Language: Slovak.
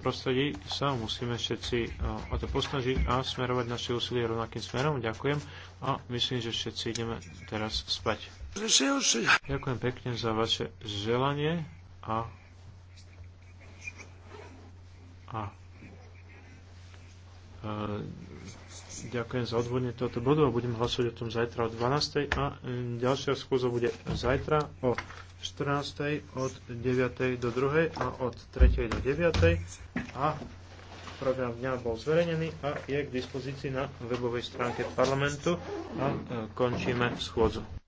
prostredí sa musíme všetci eh, o to posnažiť a smerovať naše úsilie rovnakým smerom. Ďakujem a myslím, že všetci ideme teraz spať. Ďakujem pekne za vaše želanie a, a eh, ďakujem za odvodne tohoto bodu a budem hlasovať o tom zajtra o 12.00 a ďalšia skúza bude zajtra o 14. od 9. do 2. a od 3. do 9. a program dňa bol zverejnený a je k dispozícii na webovej stránke parlamentu a e, končíme schôdzu.